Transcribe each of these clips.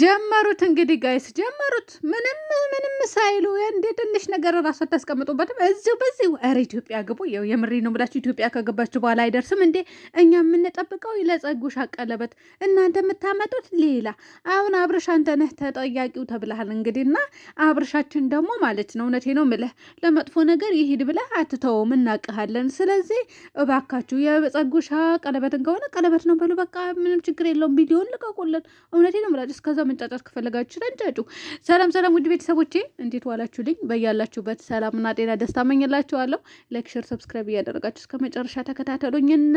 ጀመሩት እንግዲህ ጋይስ ጀመሩት። ምንም ምንም ሳይሉ እንደ ትንሽ ነገር ራሱ አታስቀምጡበትም። እዚሁ በዚሁ ኧረ ኢትዮጵያ ግቡ። ይኸው የምሬ ነው ብላችሁ ኢትዮጵያ ከገባችሁ በኋላ አይደርስም እንዴ? እኛ የምንጠብቀው ለፀጉሽ አቀለበት፣ እናንተ የምታመጡት ሌላ። አሁን አብርሽ አንተ ነህ ተጠያቂው ተብለሃል እንግዲህ እና አብርሻችን ደግሞ ማለት ነው እውነቴ ነው ምልህ ለመጥፎ ነገር ይሂድ ብለህ አትተውም፣ እናቅሃለን። ስለዚህ እባካችሁ የጸጉሻ ቀለበትን ከሆነ ቀለበት ነው በሉ በቃ ምንም ችግር የለውም። ቪዲዮን ልቀቁልን። እውነቴ ነው ምላጭ እስከዛ መጫጫት ከፈለጋችሁ ተንጫጩ። ሰላም ሰላም፣ ውድ ቤተሰቦቼ እንዴት ዋላችሁልኝ? በያላችሁበት ሰላምና ጤና ደስታ መኝላችኋለሁ። ላይክ፣ ሼር፣ ሰብስክራይብ እያደረጋችሁ እስከ መጨረሻ ተከታተሉኝና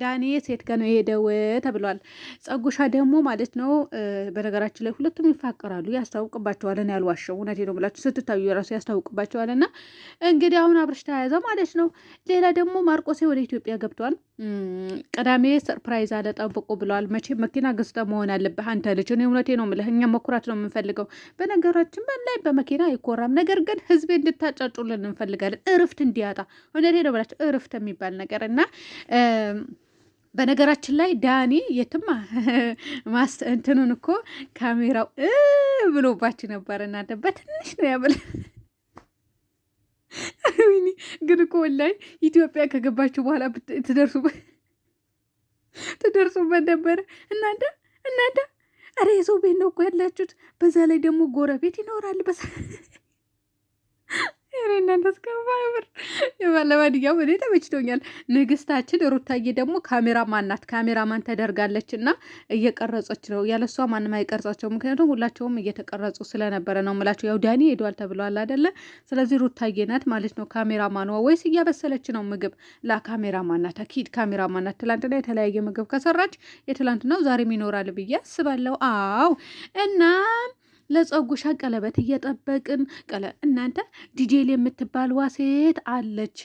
ዳኔ ሴት ጋር ነው የሄደው ተብሏል። ጸጉሻ ደግሞ ማለት ነው። በነገራችን ላይ ሁለቱም ይፋቀራሉ፣ ያስታውቅባቸዋልን ያልዋሸው እውነቴ ነው ብላችሁ ስትታዩ የራሱ ያስታውቅባቸዋልና እንግዲህ አሁን አብርሽ ተያያዘ ማለት ነው። ሌላ ደግሞ ማርቆሴ ወደ ኢትዮጵያ ገብቷል። ቅዳሜ ሰርፕራይዝ አለ ጠብቁ ብለዋል። መቼ መኪና ገዝተ መሆን አለብህ አንተ ልጅ። እኔ እውነቴ ነው የምልህ፣ እኛ መኩራት ነው የምንፈልገው። በነገራችን ላይ በመኪና አይኮራም። ነገር ግን ህዝቤ እንድታጫጩልን እንፈልጋለን፣ እርፍት እንዲያጣ። እውነቴ ነው ብላቸው እርፍት የሚባል ነገር እና በነገራችን ላይ ዳኒ የትማ ማስ እንትኑን እኮ ካሜራው ብሎባችሁ ነበር እናንተ በትንሽ ነው ያበለ ግን እኮ ወላሂ ኢትዮጵያ ከገባችሁ በኋላ ትደርሱበት ነበረ እናንተ እናንተ። ኧረ የሰው ቤት ነው እኮ ያላችሁት። በዛ ላይ ደግሞ ጎረቤት ይኖራል። እኔ እናንተ እስከባ ብር የባለባ እኔ ተመችቶኛል። ንግስታችን ሩታዬ ደግሞ ማናት ናት። ካሜራማን ተደርጋለች እና እየቀረጸች ነው። ያለሷ ማንም አይቀርጻቸው። ምክንያቱም ሁላቸውም እየተቀረጹ ስለነበረ ነው ምላቸው። ያው ዳኒ ሄደዋል ተብለዋል አደለ? ስለዚህ ሩታዬ ናት ማለት ነው ማኗ፣ ወይስ እያበሰለች ነው ምግብ? ላ ካሜራማን አኪድ ካሜራ ማናት። ትላንትና የተለያየ ምግብ ከሰራች የትላንትናው ዛሬም ይኖራል ብዬ አስባለሁ። አዎ እና ለፀጉሻ ቀለበት እየጠበቅን ቀለ እናንተ ዲጄል የምትባል ዋሴት አለች።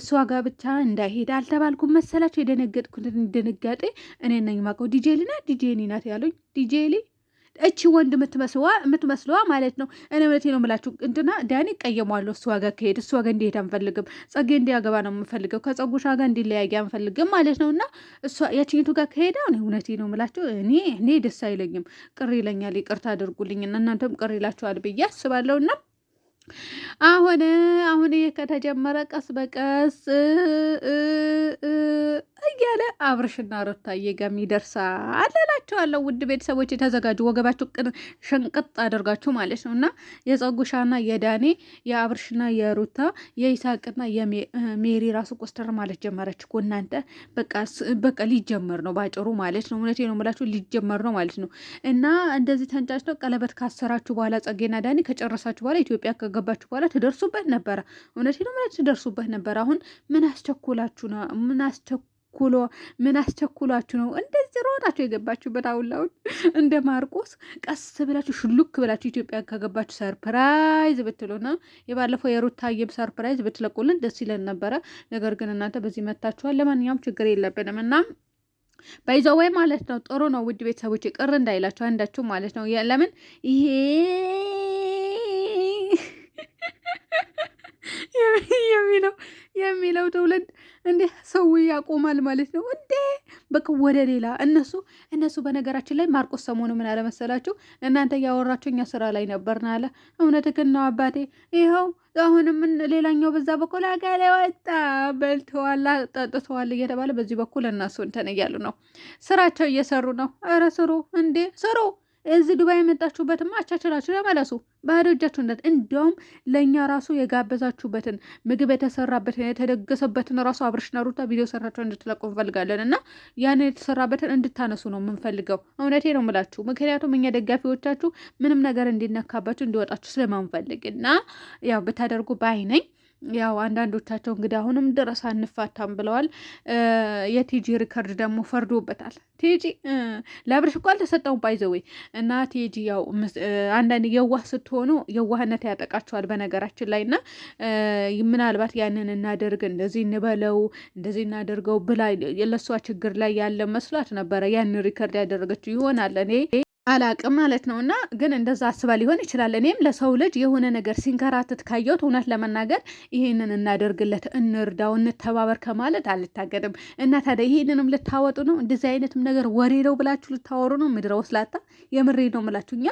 እሷ ጋር ብቻ እንዳይሄድ አልተባልኩም መሰላቸው። የደነገጥኩትን ድንጋጤ እኔ ነኝ ማቀው። ዲጄሊና ናት ናት ያሉኝ ዲጄሊ እቺ ወንድ የምትመስለዋ ማለት ነው። እኔ እውነቴ ነው የምላችሁ እንትና ዳኒ ቀየሟለሁ። እሱ ዋጋ ከሄድ እሱ ዋጋ እንዲሄድ አንፈልግም። ጸጌ እንዲያገባ ነው የምፈልገው። ከጸጉሻ ጋር እንዲለያየ አንፈልግም ማለት ነው። እና እሷ ያችኝቱ ጋር ከሄደ እውነቴ ነው የምላችሁ እኔ እኔ ደስ አይለኝም፣ ቅር ይለኛል። ይቅርታ እና እናንተም ቅር ይላችኋል ብዬ አስባለሁ እና አሁን አሁን ይህ ከተጀመረ ቀስ በቀስ አብርሽና ሩታዬ ጋም ይደርሳል እላችኋለሁ። ውድ ቤተሰቦች የተዘጋጁ ወገባችሁ ሸንቅጥ አድርጋችሁ ማለት ነው እና የፀጉሻና የዳኔ የአብርሽና የሩታ የይሳቅና የሜሪ ራሱ ቆስተር ማለት ጀመረች እኮ እናንተ። በቃ ሊጀመር ነው ባጭሩ ማለት ነው። እውነቴ ነው የምላችሁ ሊጀመር ነው ማለት ነው እና እንደዚህ ተንጫጭተው ቀለበት ካሰራችሁ በኋላ ጸጌና ዳኔ ከጨረሳችሁ በኋላ ኢትዮጵያ ከገባችሁ በኋላ ትደርሱበት ነበረ። እውነቴ ነው የምላችሁ ትደርሱበት ነበረ። አሁን ምን አስቸኩላችሁ? ምን አስቸኩ አስቸኩሎ ምን አስቸኩሏችሁ ነው እንደዚህ ሮጣችሁ የገባችሁበት? አሁን እንደ ማርቆስ ቀስ ብላችሁ ሽሉክ ብላችሁ ኢትዮጵያ ከገባችሁ ሰርፕራይዝ ብትሉና የባለፈው የሩታየብ ሰርፕራይዝ ብትለቁልን ደስ ይለን ነበረ። ነገር ግን እናንተ በዚህ መታችኋል። ለማንኛውም ችግር የለብንም እና በይዘው ወይ ማለት ነው ጥሩ ነው። ውድ ቤተሰቦች ቅር እንዳይላችሁ አንዳችሁ ማለት ነው ለምን ይሄ የሚለው የሚለው ትውልድ እንዴ ሰው ያቆማል ማለት ነው እንዴ? በቃ ወደ ሌላ እነሱ እነሱ በነገራችን ላይ ማርቆስ ሰሞኑ ምን አለመሰላችሁ እናንተ እያወራችሁ እኛ ስራ ላይ ነበርን አለ። እውነት ግን ነው አባቴ። ይኸው አሁንም ሌላኛው በዛ በኩል አጋላ ወጣ በልተዋል፣ ጠጥተዋል እየተባለ በዚህ በኩል እነሱ እንትን እያሉ ነው። ስራቸው እየሰሩ ነው። ኧረ ስሩ እንዴ ስሩ። እዚህ ዱባይ የመጣችሁበትማ አቻችላችሁ ተመለሱ፣ ባዶ እጃችሁን። እንዲያውም ለእኛ ራሱ የጋበዛችሁበትን ምግብ የተሰራበትን የተደገሰበትን ራሱ አብርሽና ሩታ ቪዲዮ ሰራቸው እንድትለቁ እንፈልጋለን እና ያንን የተሰራበትን እንድታነሱ ነው የምንፈልገው። እውነቴ ነው ምላችሁ። ምክንያቱም እኛ ደጋፊዎቻችሁ ምንም ነገር እንዲነካባችሁ እንዲወጣችሁ ስለማንፈልግ እና ያው ብታደርጉ ባይነኝ ያው አንዳንዶቻቸው እንግዲህ አሁንም ድረስ አንፋታም ብለዋል። የቲጂ ሪከርድ ደግሞ ፈርዶበታል። ቲጂ ለብርሽ እኮ አልተሰጠውም ባይዘወይ እና ቲጂ ያው አንዳንድ የዋህ ስትሆኑ የዋህነት ያጠቃቸዋል በነገራችን ላይ እና ምናልባት ያንን እናደርግ እንደዚህ እንበለው እንደዚህ እናደርገው ብላ ለእሷ ችግር ላይ ያለ መስሏት ነበረ ያን ሪከርድ ያደረገችው ይሆናል እኔ አላቅም ማለት ነው። እና ግን እንደዛ አስባ ሊሆን ይችላል። እኔም ለሰው ልጅ የሆነ ነገር ሲንከራትት ካየሁት እውነት ለመናገር ይሄንን እናደርግለት፣ እንርዳው፣ እንተባበር ከማለት አልታገድም። እና ታዲያ ልታወጡ ነው? እንደዚህ አይነትም ነገር ወሬ ነው ብላችሁ ልታወሩ ነው? ምድረ ወስላታ፣ የምሬ ነው የምላችሁ። እኛ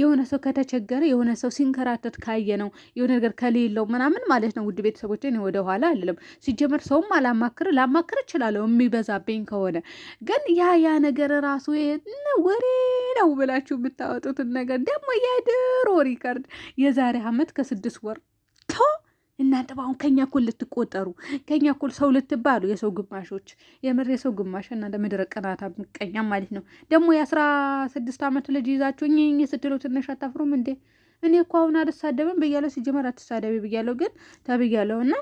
የሆነ ሰው ከተቸገረ የሆነ ሰው ሲንከራትት ካየ ነው የሆነ ነገር ከሌለው ምናምን ማለት ነው። ውድ ቤተሰቦች፣ እኔ ወደኋላ አልልም። ሲጀመር ሰውም አላማክር ላማክር እችላለሁ የሚበዛብኝ ከሆነ ግን ያ ያ ነገር ራሱ ወሬ ነው ብላችሁ የምታወጡትን ነገር ደግሞ የድሮ ሪከርድ የዛሬ አመት ከስድስት ወር ቶ እናንተ በአሁን ከኛ እኮ ልትቆጠሩ ከኛ እኮ ሰው ልትባሉ የሰው ግማሾች፣ የምር የሰው ግማሽ እናንተ ምድረ ቅናታ ምቀኛ ማለት ነው። ደግሞ የአስራ ስድስት ዓመት ልጅ ይዛችሁ እኝ ስትሉ ትንሽ አታፍሩም እንዴ? እኔ እኮ አሁን አልሳደብም ብያለሁ። ሲጀመር አትሳደቢ ብያለሁ፣ ግን ተብያለሁ እና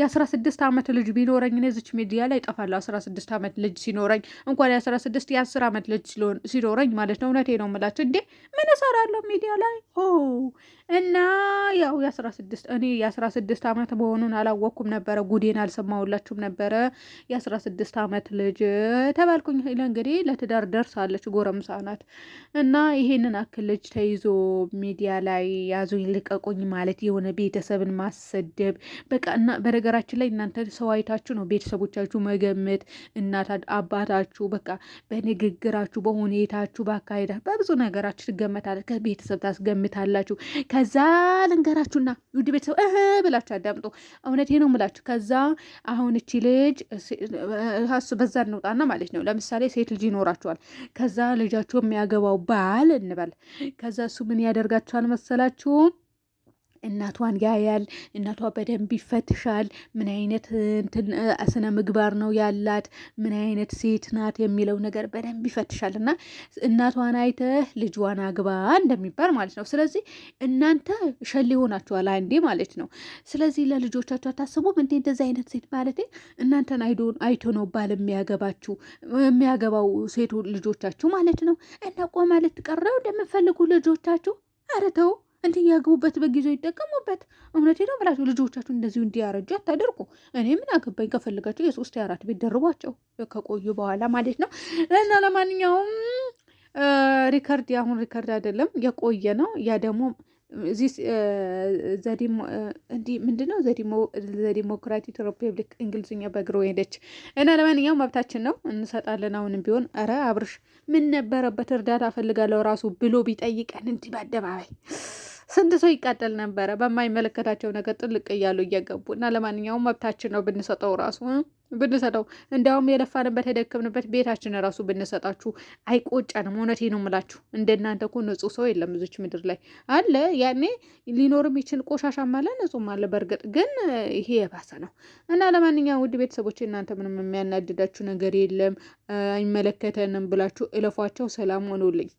የአስራ ስድስት ዓመት ልጅ ቢኖረኝ እኔ ዝች ሚዲያ ላይ እጠፋለሁ። አስራ ስድስት ዓመት ልጅ ሲኖረኝ እንኳን የአስራ ስድስት የአስር ዓመት ልጅ ሲኖረኝ ማለት ነው። እውነቴ ነው የምላችሁ። እንዴ ምን እሰራለሁ ሚዲያ ላይ? እና ያው የአስራ ስድስት እኔ የአስራ ስድስት ዓመት መሆኑን አላወቅኩም ነበረ። ጉዴን አልሰማሁላችሁም ነበረ። የአስራ ስድስት ዓመት ልጅ ተባልኩኝ። እንግዲህ ለትዳር ደርሳለች ጎረምሳ ናት። እና ይሄንን አክል ልጅ ተይዞ ሚዲያ ላይ ያዙኝ ልቀቁኝ ማለት የሆነ ቤተሰብን ማሰደብ በቃ እና በነገራችን ላይ እናንተ ሰው አይታችሁ ነው ቤተሰቦቻችሁ መገመት እናት አባታችሁ በቃ በንግግራችሁ፣ በሁኔታችሁ፣ በአካሄዳ በብዙ ነገራችሁ ትገመታለ ከቤተሰብ ታስገምታላችሁ ከዛ ልንገራችሁና ውድ ቤተሰብ እህ ብላችሁ አዳምጡ። እውነቴ ነው የምላችሁ። ከዛ አሁን እቺ ልጅ በዛ እንውጣና ማለት ነው። ለምሳሌ ሴት ልጅ ይኖራችኋል። ከዛ ልጃችሁ የሚያገባው ባል እንበል። ከዛ እሱ ምን ያደርጋችኋል መሰላችሁ እናቷን ያያል። እናቷ በደንብ ይፈትሻል። ምን አይነት ስነ ምግባር ነው ያላት፣ ምን አይነት ሴት ናት የሚለው ነገር በደንብ ይፈትሻል። እና እናቷን አይተህ ልጇን አግባ እንደሚባል ማለት ነው። ስለዚህ እናንተ ሸሌ ሆናችኋል አንዴ ማለት ነው። ስለዚህ ለልጆቻችሁ አታስቡም እንዴ? እንደዚህ አይነት ሴት ማለት እናንተን አይዶን አይቶ ነው ባል የሚያገባችሁ የሚያገባው ሴቱ ልጆቻችሁ ማለት ነው። እና ቆማ ቀረው እንደምፈልጉ ልጆቻችሁ አረተው እንዲህ ያግቡበት፣ በጊዜው ይጠቀሙበት። እውነቴ ነው ብላችሁ ልጆቻችሁ እንደዚሁ እንዲያረጁ አታደርጉ። እኔ ምን አገባኝ፣ ከፈልጋቸው የሶስት የአራት ቤት ደርቧቸው ከቆዩ በኋላ ማለት ነው። እና ለማንኛውም ሪከርድ አሁን ሪከርድ አይደለም የቆየ ነው። ያ ደግሞ እዚህ ምንድነው ዘዲሞክራቲክ ሪፐብሊክ እንግሊዝኛ በእግሮ ሄደች እና ለማንኛውም መብታችን ነው እንሰጣለን። አሁንም ቢሆን ኧረ አብርሽ ምን ነበረበት እርዳታ ፈልጋለሁ ራሱ ብሎ ቢጠይቀን እንዲህ በአደባባይ ስንት ሰው ይቃጠል ነበረ በማይመለከታቸው ነገር ጥልቅ እያሉ እየገቡ እና ለማንኛውም መብታችን ነው ብንሰጠው ራሱ ብንሰጠው እንዲያውም የለፋንበት የደክምንበት ቤታችን ራሱ ብንሰጣችሁ አይቆጨንም። እውነቴ ነው የምላችሁ እንደናንተ እኮ ንጹህ ሰው የለም እዚች ምድር ላይ አለ። ያኔ ሊኖርም ይችል ቆሻሻ አለ ንጹህም አለ። በእርግጥ ግን ይሄ የባሰ ነው እና ለማንኛውም ውድ ቤተሰቦች እናንተ ምንም የሚያናድዳችሁ ነገር የለም አይመለከተንም ብላችሁ እለፏቸው። ሰላም ሆኖልኝ